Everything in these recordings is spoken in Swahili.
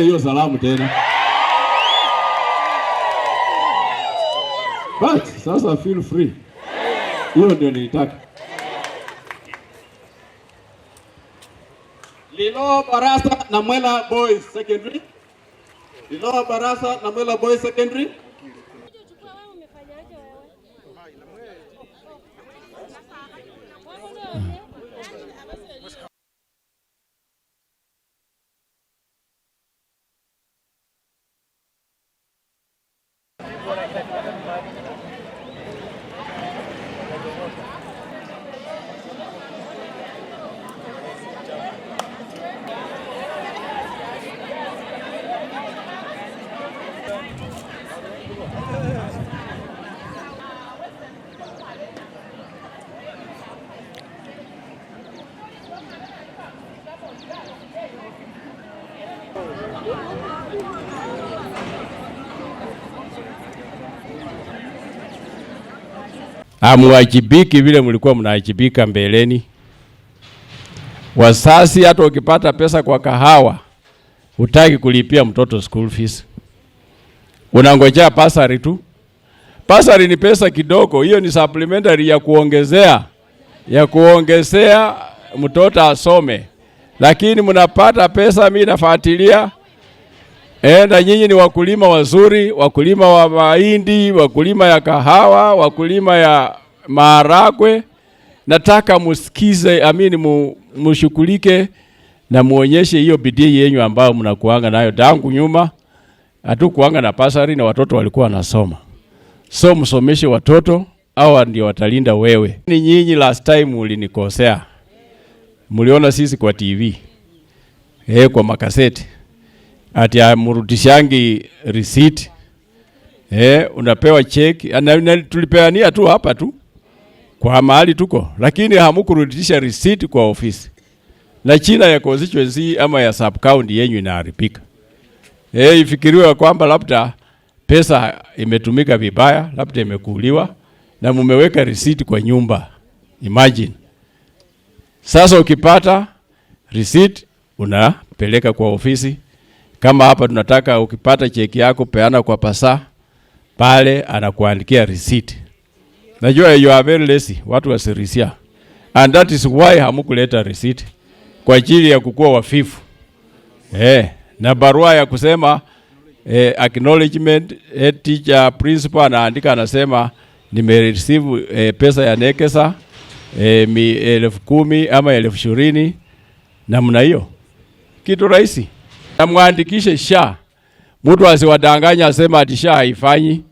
hiyo salamu tena but sasa feel free, hiyo ndio nilitaka. Lilo Barasa na Mwela Boys Secondary, Lilo Barasa na Mwela Boys Secondary. Amwajibiki vile mlikuwa mnaajibika mbeleni. Wasasi, hata ukipata pesa kwa kahawa hutaki kulipia mtoto school fees, unangojea pasari tu. Pasari ni pesa kidogo, hiyo ni supplementary ya kuongezea ya kuongezea mtoto asome, lakini mnapata pesa. Mimi nafuatilia E, na nyinyi ni wakulima wazuri, wakulima wa mahindi, wakulima ya kahawa, wakulima ya maharagwe. Nataka musikize, amini, mushukulike na muonyeshe hiyo bidii yenyu ambayo mnakuanga nayo. Tangu nyuma hatukuanga na pasari na watoto walikuwa nasoma, so msomeshe watoto, hawa ndio watalinda wewe. Ni nyinyi last time ulinikosea, mliona sisi kwa TV eh, kwa makaseti ati amurudishangi receipt eh, unapewa cheki na, na tulipeania tu hapa tu kwa mahali tuko, lakini hamukurudisha receipt kwa ofisi na china ya constituency ama ya sub county yenyu inaharibika. Eh, ifikiriwe kwamba labda pesa imetumika vibaya, labda imekuuliwa na mumeweka receipt kwa nyumba. Imagine sasa ukipata receipt unapeleka kwa ofisi kama hapa tunataka ukipata cheki yako peana kwa pasa, pale anakuandikia receipt. Najua you are very lazy, watu wasirisia. And that is why hamukuleta receipt kwa ajili ya kukua wafifu. Eh, na barua ya kusema eh, acknowledgement eh, teacher principal anaandika anasema nime receive eh, pesa ya nekesa eh, mi elfu kumi ama elfu ishirini namna hiyo, kitu rahisi amwandikishe SHA. Mtu asiwadanganya asema ati SHA haifanyi,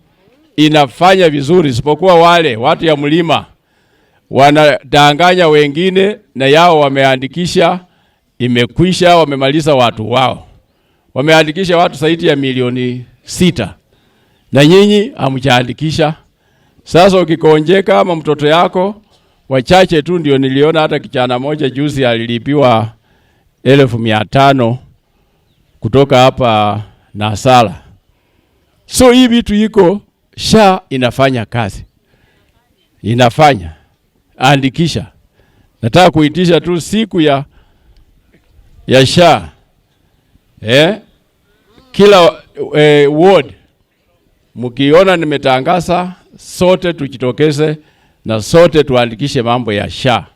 inafanya vizuri, isipokuwa wale watu ya mlima wanadanganya wengine, na yao wameandikisha, imekwisha, wamemaliza watu wao, wameandikisha watu zaidi ya milioni sita na nyinyi hamjaandikisha. Sasa ukikonjeka ama mtoto yako, wachache tu ndio niliona, hata kijana moja juzi alilipiwa elfu mia tano kutoka hapa Nasala. So hii vitu iko sha inafanya kazi, inafanya andikisha. Nataka kuitisha tu siku ya, ya sha eh? Kila eh, ward mkiona nimetangaza, sote tujitokeze na sote tuandikishe mambo ya sha.